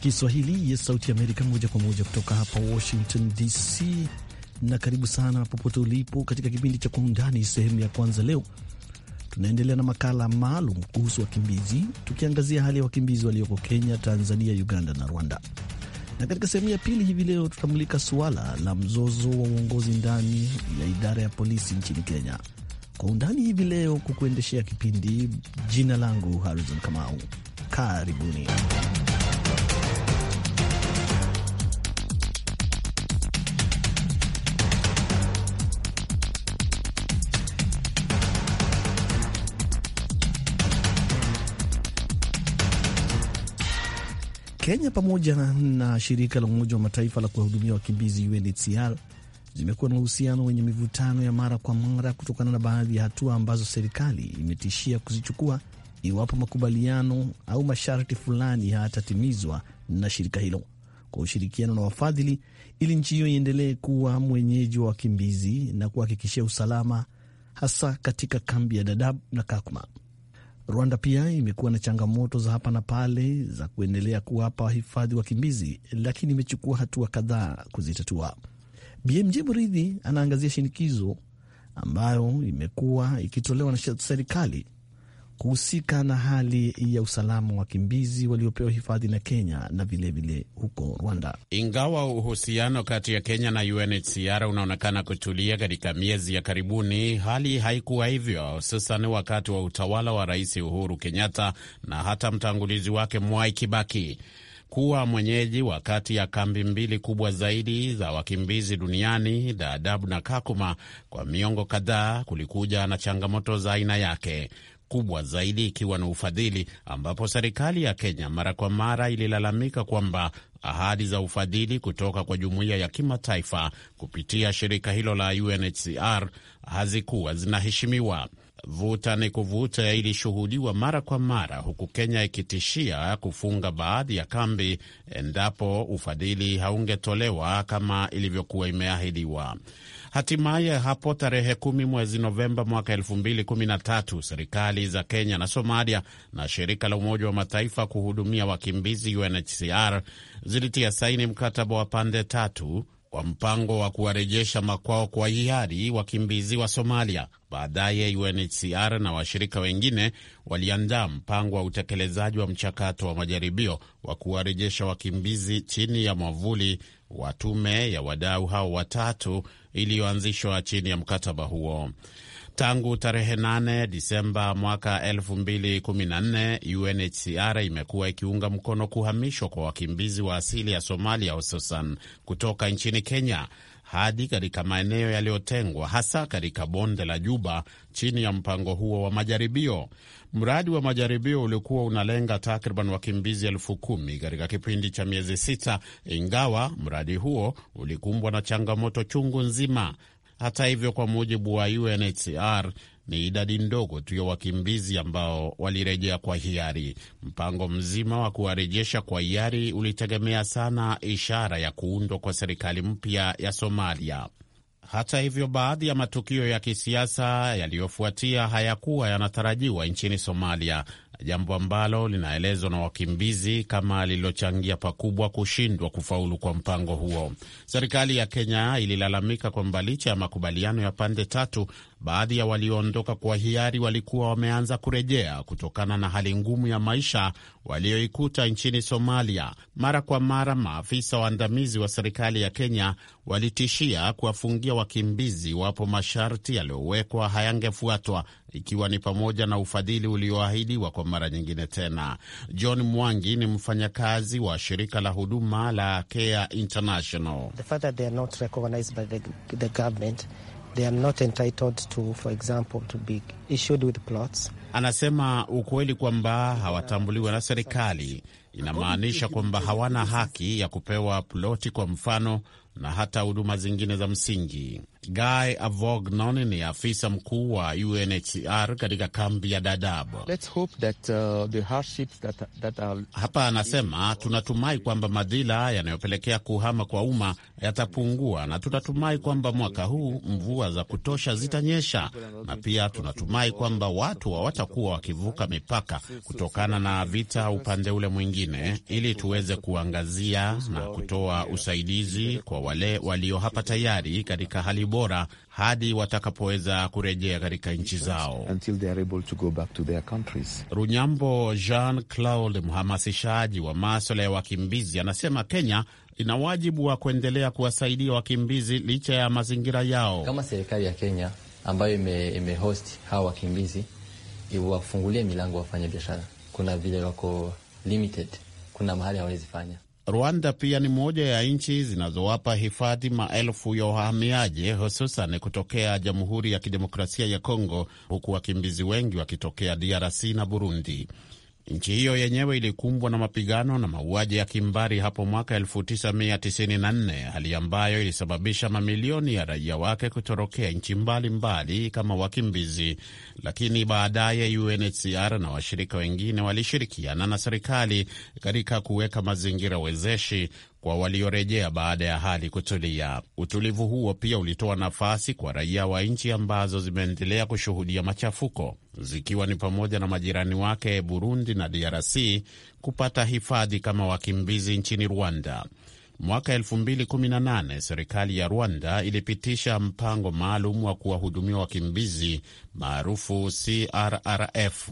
Kiswahili ya Sauti Amerika, moja kwa moja kutoka hapa Washington DC, na karibu sana popote ulipo katika kipindi cha Kwa Undani sehemu ya kwanza. Leo tunaendelea na makala maalum kuhusu wakimbizi, tukiangazia hali ya wakimbizi walioko Kenya, Tanzania, Uganda na Rwanda. Na katika sehemu ya pili hivi leo tutamulika suala la mzozo wa uongozi ndani ya idara ya polisi nchini Kenya. Kwa undani hivi leo kukuendeshea kipindi, jina langu Harrison Kamau. Karibuni. Kenya pamoja na shirika la Umoja wa Mataifa la kuwahudumia wakimbizi UNHCR zimekuwa na uhusiano wenye mivutano ya mara kwa mara kutokana na baadhi ya hatua ambazo serikali imetishia kuzichukua iwapo makubaliano au masharti fulani hayatatimizwa na shirika hilo kwa ushirikiano na wafadhili, ili nchi hiyo iendelee kuwa mwenyeji wa wakimbizi na kuhakikishia usalama hasa katika kambi ya Dadaab na Kakuma. Rwanda pia imekuwa na changamoto za hapa na pale za kuendelea kuwapa hifadhi wakimbizi, lakini imechukua hatua kadhaa kuzitatua. BMJ Mridhi anaangazia shinikizo ambayo imekuwa ikitolewa na serikali kuhusika na hali ya usalama wa wakimbizi waliopewa hifadhi na Kenya na vilevile vile huko Rwanda. Ingawa uhusiano kati ya Kenya na UNHCR unaonekana kutulia katika miezi ya karibuni, hali haikuwa hivyo, hususan wakati wa utawala wa Rais Uhuru Kenyatta na hata mtangulizi wake Mwai Kibaki kuwa mwenyeji wa kati ya kambi mbili kubwa zaidi za wakimbizi duniani Dadaab na Kakuma kwa miongo kadhaa kulikuja na changamoto za aina yake kubwa zaidi ikiwa ni ufadhili, ambapo serikali ya Kenya mara kwa mara ililalamika kwamba ahadi za ufadhili kutoka kwa jumuiya ya kimataifa kupitia shirika hilo la UNHCR hazikuwa zinaheshimiwa. Vuta ni kuvuta ilishuhudiwa mara kwa mara, huku Kenya ikitishia kufunga baadhi ya kambi endapo ufadhili haungetolewa kama ilivyokuwa imeahidiwa. Hatimaye hapo tarehe kumi mwezi Novemba mwaka tatu serikali za Kenya na Somalia na shirika la Umoja wa Mataifa kuhudumia wakimbizi UNHCR zilitia saini mkataba wa pande tatu kwa mpango wa kuwarejesha makwao kwa hiari wakimbizi wa Somalia. Baadaye UNHCR na washirika wengine waliandaa mpango wa utekelezaji wa mchakato wa majaribio wa kuwarejesha wakimbizi chini ya mwavuli wa tume ya wadau hao watatu iliyoanzishwa chini ya mkataba huo. Tangu tarehe 8 Disemba mwaka 2014 UNHCR imekuwa ikiunga mkono kuhamishwa kwa wakimbizi wa asili ya Somalia, hususan kutoka nchini Kenya hadi katika maeneo yaliyotengwa hasa katika bonde la Juba chini ya mpango huo wa majaribio. Mradi wa majaribio ulikuwa unalenga takriban wakimbizi elfu kumi katika kipindi cha miezi sita, ingawa mradi huo ulikumbwa na changamoto chungu nzima. Hata hivyo, kwa mujibu wa UNHCR ni idadi ndogo tu ya wakimbizi ambao walirejea kwa hiari. Mpango mzima wa kuwarejesha kwa hiari ulitegemea sana ishara ya kuundwa kwa serikali mpya ya Somalia. Hata hivyo, baadhi ya matukio ya kisiasa yaliyofuatia hayakuwa yanatarajiwa nchini Somalia, jambo ambalo linaelezwa na wakimbizi kama lililochangia pakubwa kushindwa kufaulu kwa mpango huo. Serikali ya Kenya ililalamika kwamba licha ya makubaliano ya pande tatu Baadhi ya walioondoka kwa hiari walikuwa wameanza kurejea kutokana na hali ngumu ya maisha walioikuta nchini Somalia. Mara kwa mara, maafisa waandamizi wa serikali ya Kenya walitishia kuwafungia wakimbizi wapo masharti yaliyowekwa hayangefuatwa ikiwa ni pamoja na ufadhili ulioahidiwa kwa mara nyingine tena. John Mwangi ni mfanyakazi wa shirika la huduma la Care International. The Anasema ukweli kwamba hawatambuliwa na serikali inamaanisha kwamba hawana haki ya kupewa ploti, kwa mfano, na hata huduma zingine za msingi. Guy Avognon ni afisa mkuu wa UNHCR katika kambi ya Dadaab. that, uh, that, that are... Hapa anasema tunatumai kwamba madhila yanayopelekea kuhama kwa umma yatapungua, na tunatumai kwamba mwaka huu mvua za kutosha zitanyesha, na pia tunatumai kwamba watu hawatakuwa wakivuka mipaka kutokana na vita upande ule mwingine, ili tuweze kuangazia na kutoa usaidizi kwa wale walio hapa tayari katika hali bora hadi watakapoweza kurejea katika nchi zao. Runyambo Jean Claude, mhamasishaji wa maswala ya wakimbizi, anasema Kenya ina wajibu wa kuendelea kuwasaidia wakimbizi licha ya mazingira yao. Kama serikali ya Kenya ambayo imehost ime hawa wakimbizi iwafungulie milango wafanya biashara, kuna vile wako limited, kuna mahali hawawezi fanya Rwanda pia ni moja ya nchi zinazowapa hifadhi maelfu ya wahamiaji hususan kutokea Jamhuri ya Kidemokrasia ya Kongo, huku wakimbizi wengi wakitokea DRC na Burundi. Nchi hiyo yenyewe ilikumbwa na mapigano na mauaji ya kimbari hapo mwaka 1994, hali ambayo ilisababisha mamilioni ya raia wake kutorokea nchi mbalimbali kama wakimbizi. Lakini baadaye UNHCR na washirika wengine walishirikiana na serikali katika kuweka mazingira wezeshi kwa waliorejea baada ya hali kutulia. Utulivu huo pia ulitoa nafasi kwa raia wa nchi ambazo zimeendelea kushuhudia machafuko zikiwa ni pamoja na majirani wake Burundi na DRC kupata hifadhi kama wakimbizi nchini Rwanda. Mwaka 2018 serikali ya Rwanda ilipitisha mpango maalum wa kuwahudumia wakimbizi maarufu CRRF.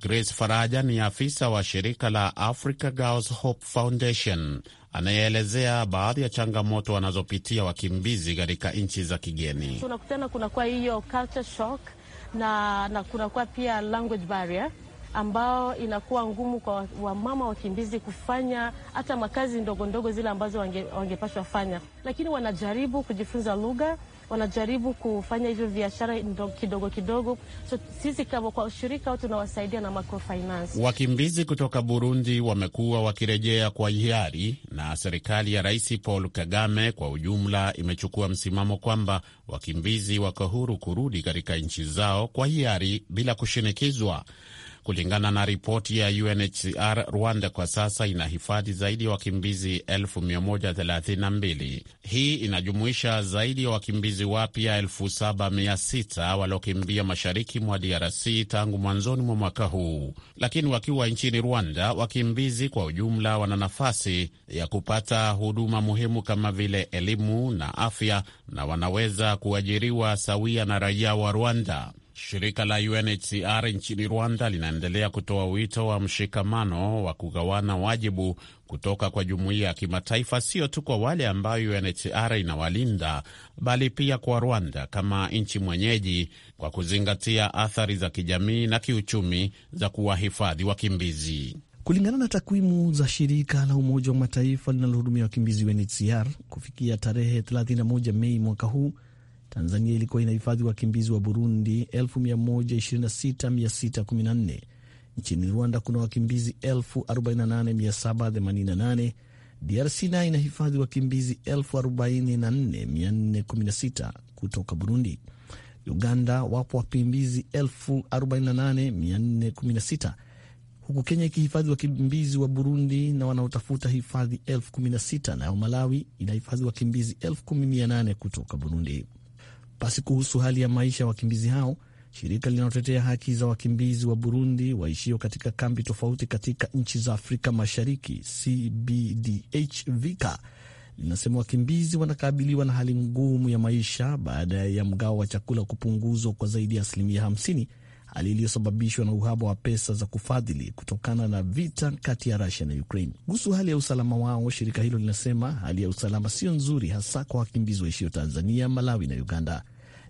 Grace Faraja ni afisa wa shirika la Africa Girls Hope Foundation anayeelezea baadhi ya changamoto wanazopitia wakimbizi katika nchi za kigeni. Tunakutana kunakuwa hiyo culture shock na, na kunakuwa pia language barrier ambao inakuwa ngumu kwa wamama wakimbizi kufanya hata makazi ndogo ndogo zile ambazo wangepashwa wange fanya, lakini wanajaribu kujifunza lugha, wanajaribu kufanya hivyo biashara kidogo kidogo. So, sisi kama kwa ushirika au tunawasaidia na microfinance. Wakimbizi kutoka Burundi wamekuwa wakirejea kwa hiari, na serikali ya Rais Paul Kagame kwa ujumla imechukua msimamo kwamba wakimbizi wako huru kurudi katika nchi zao kwa hiari bila kushinikizwa. Kulingana na ripoti ya UNHCR, Rwanda kwa sasa inahifadhi zaidi ya wakimbizi 132 Hii inajumuisha zaidi ya wakimbizi wapya 7600 waliokimbia mashariki mwa DRC tangu mwanzoni mwa mwaka huu, lakini wakiwa nchini Rwanda, wakimbizi kwa ujumla wana nafasi ya kupata huduma muhimu kama vile elimu na afya na wanaweza kuajiriwa sawia na raia wa Rwanda. Shirika la UNHCR nchini Rwanda linaendelea kutoa wito wa mshikamano wa kugawana wajibu kutoka kwa jumuiya ya kimataifa, sio tu kwa wale ambayo UNHCR inawalinda, bali pia kwa Rwanda kama nchi mwenyeji, kwa kuzingatia athari za kijamii na kiuchumi za kuwahifadhi wakimbizi. Kulingana na takwimu za shirika la Umoja wa Mataifa linalohudumia wakimbizi UNHCR, kufikia tarehe 31 Mei mwaka huu Tanzania ilikuwa inahifadhi wakimbizi wa Burundi 126614. Nchini Rwanda kuna wakimbizi 48788. DRC nayo inahifadhi wakimbizi 44416 kutoka Burundi. Uganda wapo wakimbizi 48416 huku Kenya ikihifadhi wakimbizi wa Burundi na wanaotafuta hifadhi 16 nayo Malawi inahifadhi wakimbizi elfu kutoka Burundi. Basi kuhusu hali ya maisha ya wakimbizi hao, shirika linalotetea haki za wakimbizi wa Burundi waishio katika kambi tofauti katika nchi za Afrika Mashariki, vika linasema wakimbizi wanakabiliwa na hali ngumu ya maisha baada ya mgao wa chakula kupunguzwa kwa zaidi ya asilimia 50 hali iliyosababishwa na uhaba wa pesa za kufadhili kutokana na vita kati ya Rusia na Ukraine. Kuhusu hali ya usalama wao, shirika hilo linasema hali ya usalama sio nzuri, hasa kwa wakimbizi waishio Tanzania, Malawi na Uganda,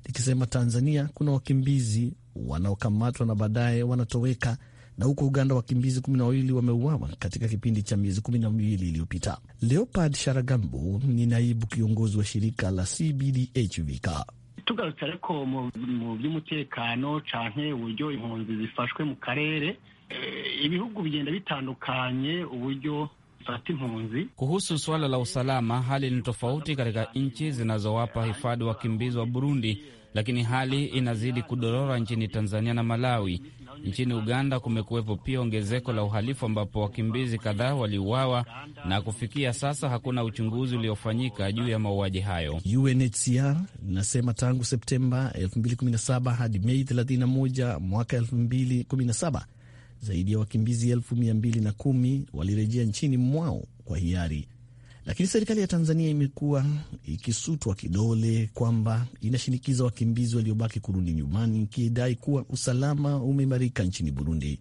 likisema Tanzania kuna wakimbizi wanaokamatwa na baadaye wanatoweka na huko Uganda wakimbizi kumi na wawili wameuawa katika kipindi cha miezi kumi na miwili iliyopita. Leopard Sharagambo ni naibu kiongozi wa shirika la CBDHVK tugarutse ariko mu by'umutekano cyane uburyo impunzi zifashwe mu karere eh, ibihugu bigenda bitandukanye uburyo bifata impunzi kuhusu suala la usalama hali ni tofauti katika nchi zinazowapa hifadhi wakimbizi wa Burundi lakini hali inazidi kudorora nchini Tanzania na Malawi. Nchini Uganda kumekuwepo pia ongezeko la uhalifu ambapo wakimbizi kadhaa waliuawa na kufikia sasa hakuna uchunguzi uliofanyika juu ya mauaji hayo. UNHCR inasema tangu Septemba 2017 hadi Mei 31 mwaka 2017 zaidi ya wakimbizi 210,000 walirejea nchini mwao kwa hiari lakini serikali ya Tanzania imekuwa ikisutwa kidole kwamba inashinikiza wakimbizi waliobaki kurudi nyumbani, ikidai kuwa usalama umeimarika nchini Burundi.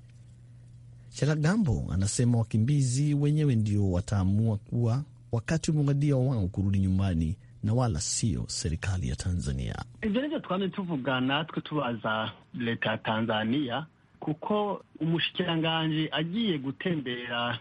Charagambo anasema wakimbizi wenyewe ndio wataamua kuwa wakati umewadia wao kurudi nyumbani na wala sio serikali ya Tanzania. Ivyo nivyo twamye tuvugana natwe tubaza leta ya Tanzania kuko umushikiranganji agiye gutembera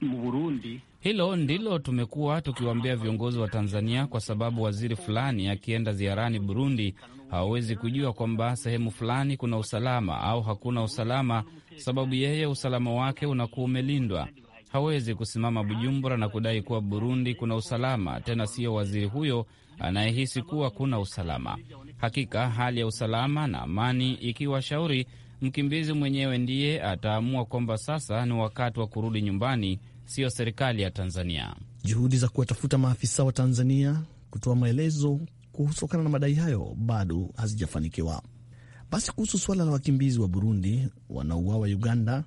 mu Burundi hilo ndilo tumekuwa tukiwaambia viongozi wa Tanzania, kwa sababu waziri fulani akienda ziarani Burundi hawawezi kujua kwamba sehemu fulani kuna usalama au hakuna usalama, sababu yeye usalama wake unakuwa umelindwa. Hawezi kusimama Bujumbura na kudai kuwa Burundi kuna usalama, tena siyo waziri huyo anayehisi kuwa kuna usalama. Hakika hali ya usalama na amani ikiwa shauri, mkimbizi mwenyewe ndiye ataamua kwamba sasa ni wakati wa kurudi nyumbani siyo serikali ya Tanzania. Juhudi za kuwatafuta maafisa wa Tanzania kutoa maelezo kuhusokana na madai hayo bado hazijafanikiwa. Basi kuhusu suala la wakimbizi wa Burundi wanaouawa Uganda,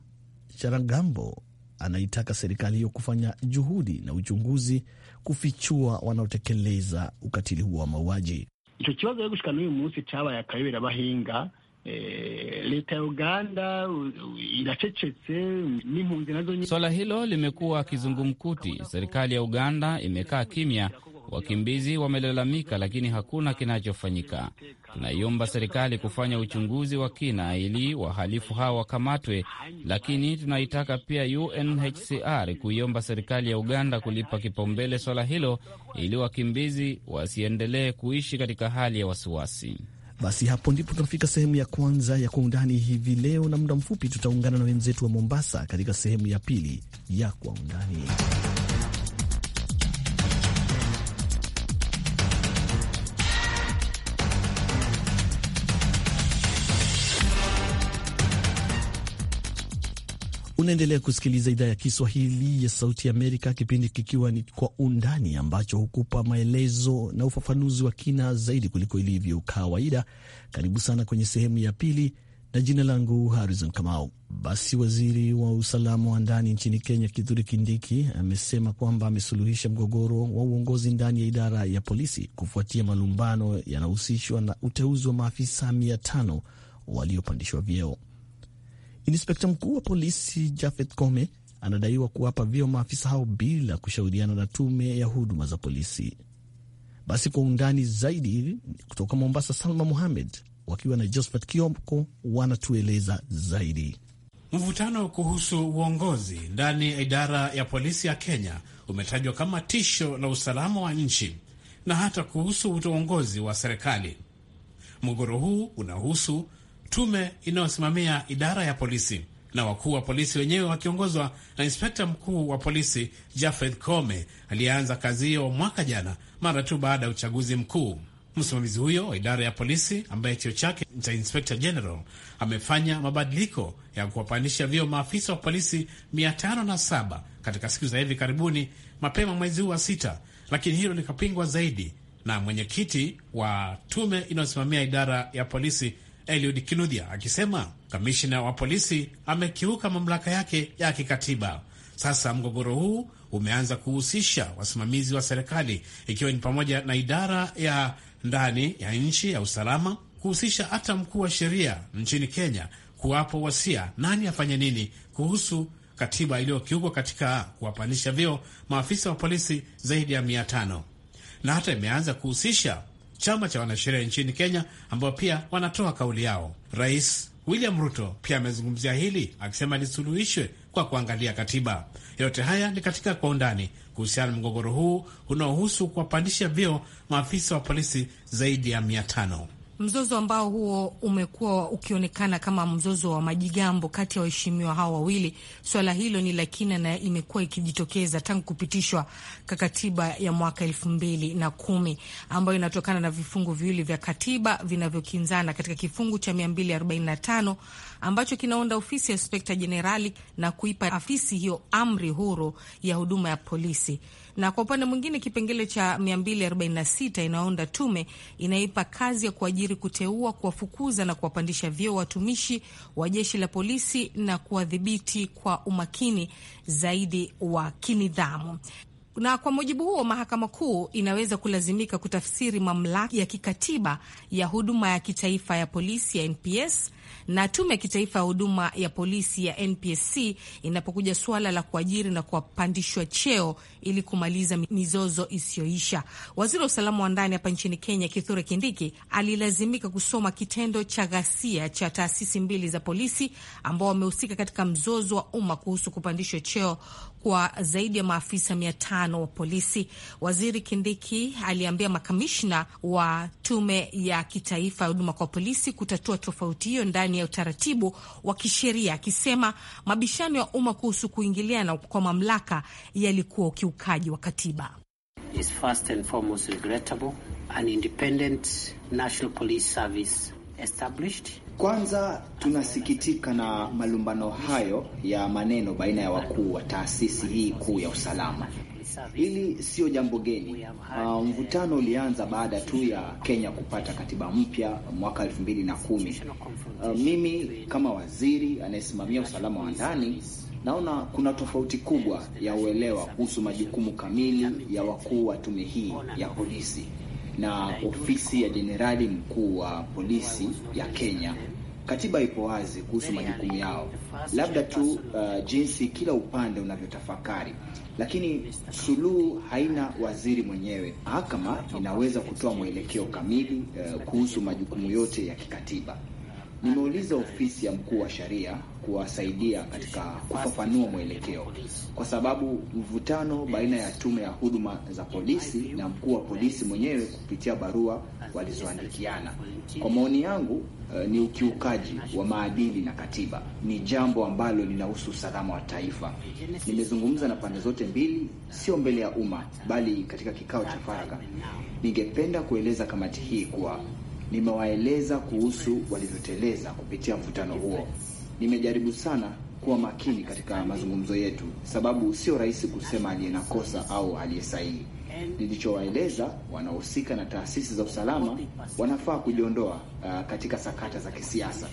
Charagambo anaitaka serikali hiyo kufanya juhudi na uchunguzi kufichua wanaotekeleza ukatili huo wa mauaji. Icho kibazo rero gushika munsi cabaye akayobera bahinga Eh, leta ya Uganda inacecetse n'impunzi nazo nyingi. Swala hilo limekuwa kizungumkuti. Serikali ya Uganda imekaa kimya, wakimbizi wamelalamika, lakini hakuna kinachofanyika. Tunaiomba serikali kufanya uchunguzi wa kina ili wahalifu hawa wakamatwe, lakini tunaitaka pia UNHCR kuiomba serikali ya Uganda kulipa kipaumbele swala hilo ili wakimbizi wasiendelee kuishi katika hali ya wasiwasi. Basi hapo ndipo tunafika sehemu ya kwanza ya Kwa Undani hivi leo, na muda mfupi tutaungana na wenzetu wa Mombasa katika sehemu ya pili ya Kwa Undani. Unaendelea kusikiliza idhaa ya Kiswahili ya Sauti ya Amerika, kipindi kikiwa ni Kwa Undani, ambacho hukupa maelezo na ufafanuzi wa kina zaidi kuliko ilivyo kawaida. Karibu sana kwenye sehemu ya pili, na jina langu Harrison Kamau. Basi, waziri wa usalama wa ndani nchini Kenya Kithure Kindiki amesema kwamba amesuluhisha mgogoro wa uongozi ndani ya idara ya polisi kufuatia malumbano yanahusishwa na uteuzi wa maafisa mia tano waliopandishwa vyeo. Inspekta mkuu wa polisi jafet Kome anadaiwa kuwapa vyo maafisa hao bila kushauriana na tume ya huduma za polisi. Basi kwa undani zaidi kutoka Mombasa, Salma Muhamed wakiwa na Josphat Kioko wanatueleza zaidi. Mvutano kuhusu uongozi ndani ya idara ya polisi ya Kenya umetajwa kama tisho la usalama wa nchi na hata kuhusu uongozi wa serikali. Mgogoro huu unahusu tume inayosimamia idara ya polisi na wakuu wa polisi wenyewe wakiongozwa na inspekta mkuu wa polisi Jafeth Kome aliyeanza kazi hiyo mwaka jana mara tu baada ya uchaguzi mkuu. Msimamizi huyo wa idara ya polisi ambaye cheo chake cha inspekta general amefanya mabadiliko ya kuwapandisha vyeo maafisa wa polisi 507 katika siku za hivi karibuni, mapema mwezi huu wa sita, lakini hilo likapingwa zaidi na mwenyekiti wa tume inayosimamia idara ya polisi Eliud Kinuthia akisema kamishina wa polisi amekiuka mamlaka yake ya kikatiba. Sasa mgogoro huu umeanza kuhusisha wasimamizi wa serikali ikiwa ni pamoja na idara ya ndani ya nchi ya usalama, kuhusisha hata mkuu wa sheria nchini Kenya kuwapo wasia nani afanye nini kuhusu katiba iliyokiukwa katika kuwapandisha vyeo maafisa wa polisi zaidi ya mia tano na hata imeanza kuhusisha chama cha wanasheria nchini Kenya, ambao pia wanatoa kauli yao. Rais William Ruto pia amezungumzia hili akisema lisuluhishwe kwa kuangalia katiba. Yote haya ni katika kwa undani kuhusiana na mgogoro huu unaohusu kuwapandisha vyeo maafisa wa polisi zaidi ya mia tano mzozo ambao huo umekuwa ukionekana kama mzozo wa majigambo kati ya waheshimiwa hao wawili. Swala hilo ni la kina na imekuwa ikijitokeza tangu kupitishwa kwa katiba ya mwaka elfu mbili na kumi ambayo inatokana na vifungu viwili vya katiba vinavyokinzana katika kifungu cha mia mbili arobaini na tano ambacho kinaunda ofisi ya inspekta jenerali na kuipa afisi hiyo amri huru ya huduma ya polisi na kwa upande mwingine kipengele cha 246 inaunda tume inaipa kazi ya kuajiri, kuteua, kuwafukuza na kuwapandisha vyeo watumishi wa jeshi la polisi na kuwadhibiti kwa umakini zaidi wa kinidhamu na kwa mujibu huo mahakama kuu inaweza kulazimika kutafsiri mamlaka ya kikatiba ya huduma ya kitaifa ya polisi ya NPS na Tume ya Kitaifa ya Huduma ya Polisi ya NPSC inapokuja suala la kuajiri na kuwapandishwa cheo ili kumaliza mizozo isiyoisha. Waziri wa usalama wa ndani hapa nchini Kenya, Kithure Kindiki, alilazimika kusoma kitendo cha ghasia cha taasisi mbili za polisi ambao wamehusika katika mzozo wa umma kuhusu kupandishwa cheo kwa zaidi ya maafisa mia tano wa polisi. Waziri Kindiki aliambia makamishna wa tume ya kitaifa ya huduma kwa polisi kutatua tofauti hiyo ndani ya utaratibu wa kisheria, akisema mabishano ya umma kuhusu kuingiliana kwa mamlaka yalikuwa ukiukaji wa katiba. Is first and foremost regrettable. An independent national police service established. Kwanza tunasikitika na malumbano hayo ya maneno baina ya wakuu wa taasisi hii kuu ya usalama. Hili sio jambo geni. Uh, mvutano ulianza baada tu ya Kenya kupata katiba mpya mwaka elfu mbili na kumi. Uh, mimi kama waziri anayesimamia usalama wa ndani naona kuna tofauti kubwa ya uelewa kuhusu majukumu kamili ya wakuu wa tume hii ya polisi na ofisi ya jenerali mkuu wa polisi ya Kenya. Katiba ipo wazi kuhusu majukumu yao, labda tu uh, jinsi kila upande unavyotafakari, lakini suluhu haina waziri mwenyewe. Mahakama inaweza kutoa mwelekeo kamili uh, kuhusu majukumu yote ya kikatiba. Nimeuliza ofisi ya mkuu wa sheria kuwasaidia katika kufafanua mwelekeo, kwa sababu mvutano baina ya tume ya huduma za polisi na mkuu wa polisi mwenyewe kupitia barua walizoandikiana, kwa maoni yangu, eh, ni ukiukaji wa maadili na katiba, ni jambo ambalo linahusu usalama wa taifa. Nimezungumza na pande zote mbili, sio mbele ya umma, bali katika kikao cha faragha. Ningependa kueleza kamati hii kuwa nimewaeleza kuhusu walivyoteleza kupitia mvutano huo nimejaribu sana kuwa makini katika mazungumzo yetu, sababu sio rahisi kusema aliye na kosa au aliye sahihi. Nilichowaeleza, wanahusika na taasisi za usalama wanafaa kujiondoa uh, katika sakata za kisiasa.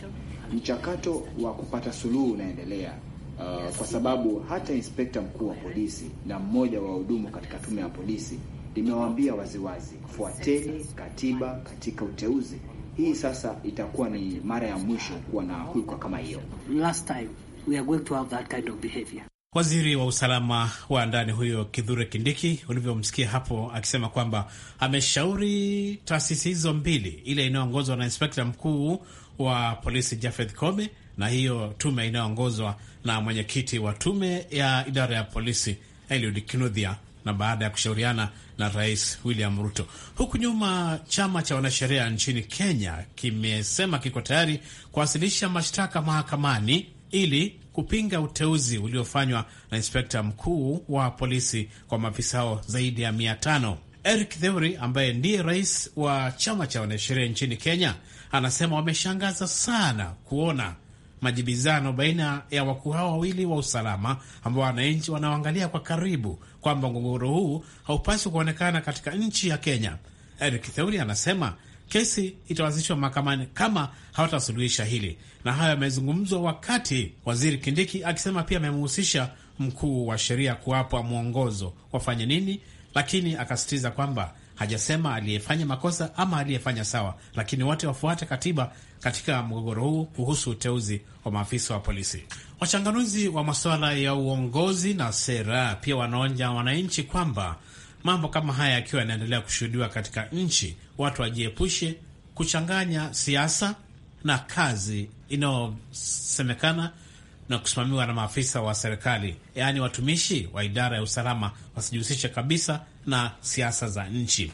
Mchakato wa kupata suluhu unaendelea. Uh, kwa sababu hata inspekta mkuu wa polisi na mmoja wa wahudumu katika tume ya polisi limewaambia waziwazi, fuateni katiba katika uteuzi hii sasa itakuwa ni mara ya mwisho kuwa na hulka kama hiyo. Last time we are going to have that kind of behavior. Waziri wa usalama wa ndani huyo Kithure Kindiki, ulivyomsikia hapo akisema kwamba ameshauri taasisi hizo mbili, ile inayoongozwa na inspekta mkuu wa polisi Jafeth Kome na hiyo tume inayoongozwa na mwenyekiti wa tume ya idara ya polisi Eliud Kinudhia na baada ya kushauriana na Rais William Ruto. Huku nyuma, chama cha wanasheria nchini Kenya kimesema kiko tayari kuwasilisha mashtaka mahakamani ili kupinga uteuzi uliofanywa na inspekta mkuu wa polisi kwa maafisa hao zaidi ya mia tano. Eric Theory ambaye ndiye rais wa chama cha wanasheria nchini Kenya anasema wameshangaza sana kuona majibizano baina ya wakuu hao wawili wa usalama ambao wananchi wanaoangalia kwa karibu kwamba mgogoro huu haupaswi kuonekana katika nchi ya Kenya. Eric Theuri anasema kesi itaanzishwa mahakamani kama hawatasuluhisha hili, na hayo yamezungumzwa wakati waziri Kindiki akisema pia amemhusisha mkuu wa sheria kuwapa mwongozo wafanye nini, lakini akasisitiza kwamba hajasema aliyefanya makosa ama aliyefanya sawa, lakini wote wafuate katiba katika mgogoro huu kuhusu uteuzi wa maafisa wa polisi. Wachanganuzi wa masuala ya uongozi na sera pia wanaonja wananchi kwamba mambo kama haya yakiwa yanaendelea kushuhudiwa katika nchi, watu wajiepushe kuchanganya siasa na kazi inayosemekana na kusimamiwa na maafisa wa serikali, yaani watumishi wa idara ya usalama wasijihusishe kabisa na siasa za nchi.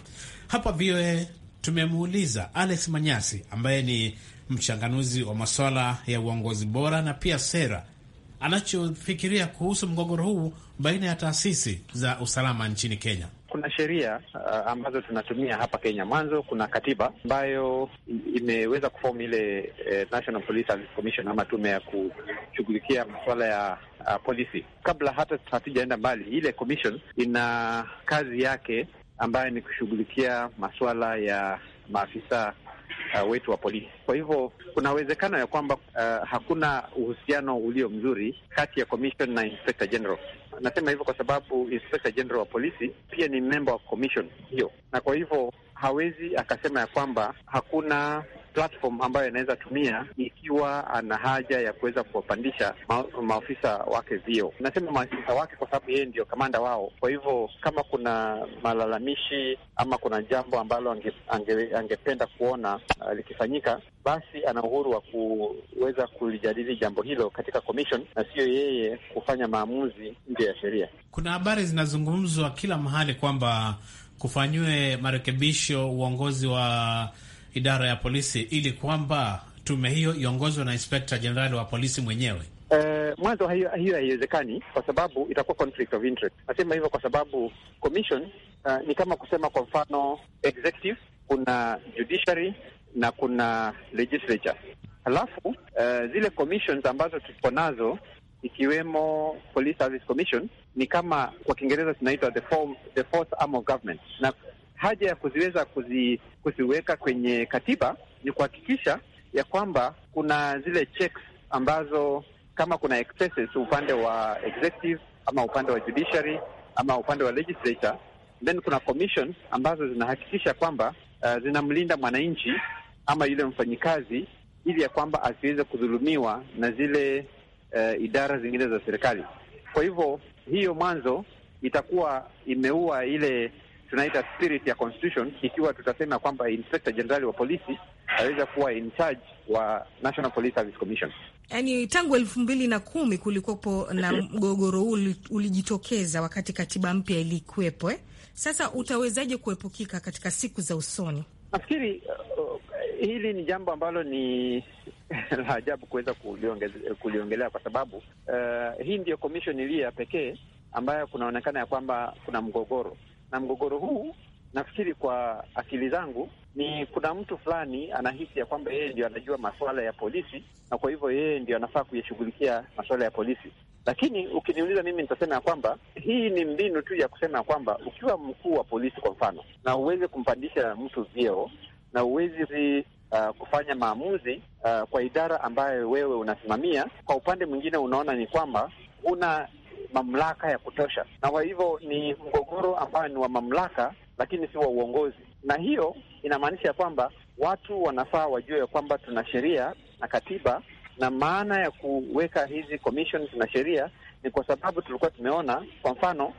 Hapa VOA tumemuuliza Alex Manyasi ambaye ni mchanganuzi wa masuala ya uongozi bora na pia sera, anachofikiria kuhusu mgogoro huu baina ya taasisi za usalama nchini Kenya kuna sheria uh, ambazo tunatumia hapa Kenya. Mwanzo kuna katiba ambayo imeweza kufomu ile eh, National Police Service Commission ama tume ya kushughulikia masuala ya uh, polisi. Kabla hata hatujaenda mbali, ile commission ina kazi yake ambayo ni kushughulikia masuala ya maafisa uh, wetu wa polisi. Kwa hivyo kuna uwezekano ya kwamba uh, hakuna uhusiano ulio mzuri kati ya commission na inspector general. Nasema hivyo kwa sababu inspector general wa polisi pia ni memba wa commission hiyo, na kwa hivyo hawezi akasema ya kwamba hakuna platform ambayo inaweza tumia ikiwa ana haja ya kuweza kuwapandisha ma maofisa wake vio. Nasema maofisa wake kwa sababu yeye ndio kamanda wao. Kwa hivyo kama kuna malalamishi ama kuna jambo ambalo ange, ange, angependa kuona uh, likifanyika, basi ana uhuru wa kuweza kulijadili jambo hilo katika commission na siyo yeye kufanya maamuzi nje ya sheria. Kuna habari zinazungumzwa kila mahali kwamba kufanyiwe marekebisho uongozi wa idara ya polisi ili kwamba tume hiyo iongozwe na inspekta jenerali wa polisi mwenyewe? Uh, mwanzo hiyo haiwezekani kwa sababu itakuwa conflict of interest. Nasema hivyo kwa sababu commission uh, ni kama kusema kwa mfano executive, kuna judiciary na kuna legislature. Halafu uh, eh, zile commissions ambazo tuko nazo ikiwemo Police Service Commission ni kama kwa Kiingereza zinaitwa the form, the fourth arm of government, na haja ya kuziweza kuzi, kuziweka kwenye katiba ni kuhakikisha ya kwamba kuna zile checks ambazo kama kuna excesses upande wa executive ama upande wa judiciary ama upande wa legislature, then kuna commissions ambazo zinahakikisha kwamba uh, zinamlinda mwananchi ama yule mfanyikazi ili ya kwamba asiweze kudhulumiwa na zile uh, idara zingine za serikali. Kwa hivyo hiyo mwanzo itakuwa imeua ile tunaita spirit ya constitution, ikiwa tutasema kwamba inspector general wa polisi aweza kuwa in charge wa National Police Service Commission. Yani, tangu elfu mbili na kumi kulikuwepo na mgogoro huu ulijitokeza wakati katiba mpya ilikuwepo eh? Sasa utawezaje kuepukika katika siku za usoni? Nafikiri uh, hili ni jambo ambalo ni la ajabu kuweza kuliongelea kwa sababu uh, hii ndiyo commission iliyo ya pekee ambayo kunaonekana ya kwamba kuna mgogoro na mgogoro huu, nafikiri kwa akili zangu ni kuna mtu fulani anahisi ya kwamba yeye ndio anajua masuala ya polisi na kwa hivyo yeye ndio anafaa kuyashughulikia masuala ya polisi. Lakini ukiniuliza mimi, nitasema ya kwamba hii ni mbinu tu ya kusema ya kwamba ukiwa mkuu wa polisi kwa mfano, na uweze kumpandisha mtu vyeo na uwezi uh, kufanya maamuzi uh, kwa idara ambayo wewe unasimamia, kwa upande mwingine unaona ni kwamba una mamlaka ya kutosha, na kwa hivyo ni mgogoro ambayo ni wa mamlaka, lakini si wa uongozi, na hiyo inamaanisha kwamba watu wanafaa wajue ya kwamba tuna sheria na katiba, na maana ya kuweka hizi commissions na sheria ni kwa sababu tulikuwa tumeona kwa mfano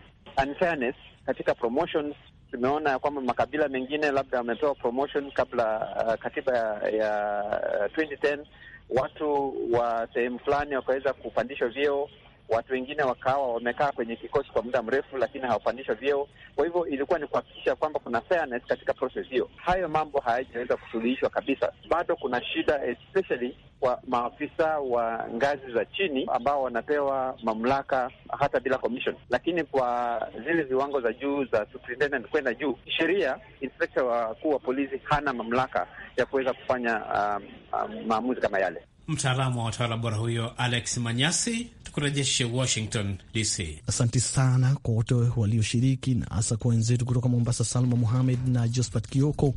unfairness katika promotions. Tumeona ya kwamba makabila mengine labda wamepewa promotion kabla uh, katiba ya, ya 2010 uh, watu wa sehemu fulani wakaweza kupandishwa vyeo watu wengine wakawa wamekaa kwenye kikosi kwa muda mrefu, lakini hawapandishwa vyeo. Kwa hivyo ilikuwa ni kuhakikisha kwamba kuna fairness katika process hiyo. Hayo mambo hayajaweza kusuluhishwa kabisa, bado kuna shida especially kwa maafisa wa ngazi za chini ambao wanapewa mamlaka hata bila commission, lakini kwa zile viwango za juu za superintendent kwenda juu, sheria inspekta wakuu wa polisi hana mamlaka ya kuweza kufanya um, um, maamuzi kama yale. Mtaalamu wa watawala bora huyo Alex Manyasi tukurejeshe Washington DC. Asante sana kwa wote walioshiriki na hasa kwa wenzetu kutoka Mombasa, Salma Muhamed na Josphat Kioko.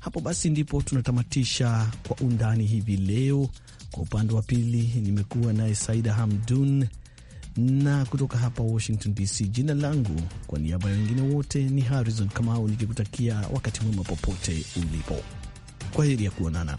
Hapo basi ndipo tunatamatisha kwa undani hivi leo. Kwa upande wa pili nimekuwa naye Saida Hamdun na kutoka hapa Washington DC, jina langu kwa niaba ya wengine wote ni Harrison Kamau nikikutakia wakati mwema popote ulipo. Kwa heri ya kuonana.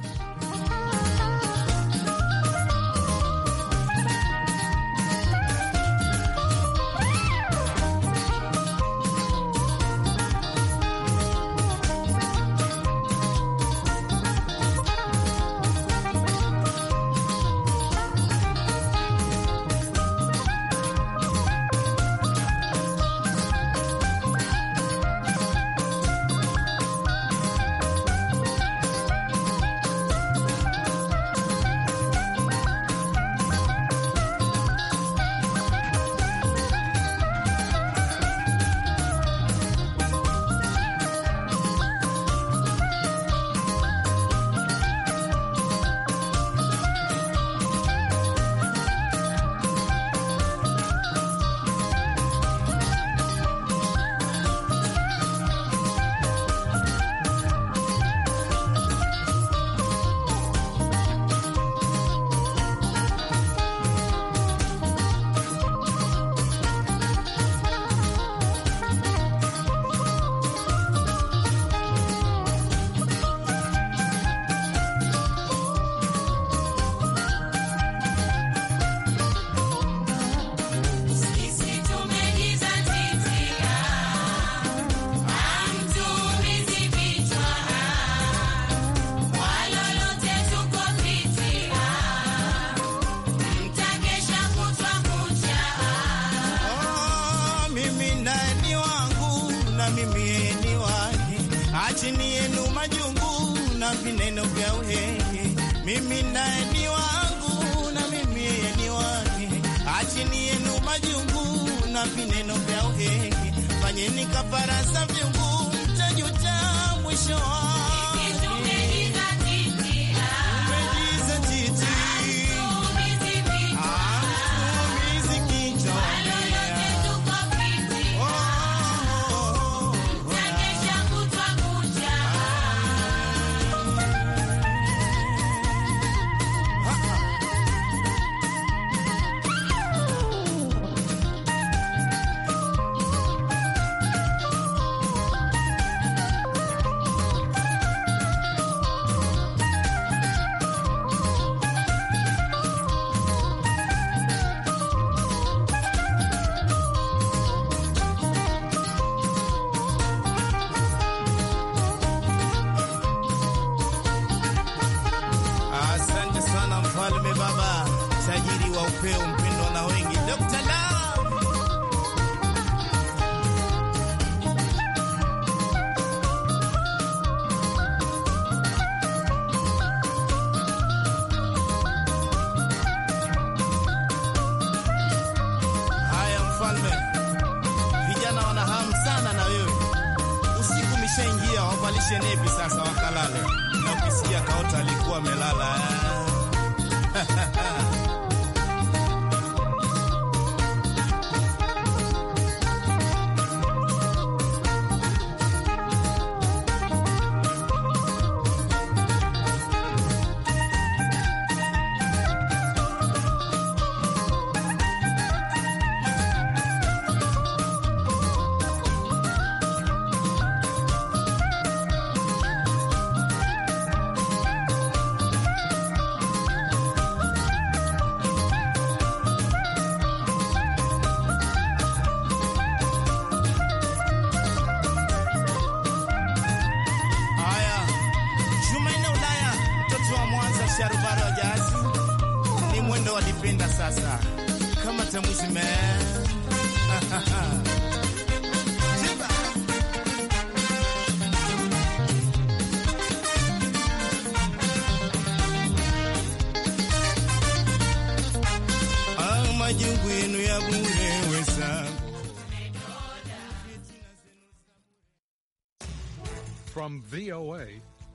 mimi ni wahi, achini yenu majungu na vineno vya uhehe. Mimi naye ni wangu na mimi ni wahi, achini yenu majungu na vineno vya uhehe. Fanyeni kafarasa vyungu, mtajuta mwisho i mpendo na wengi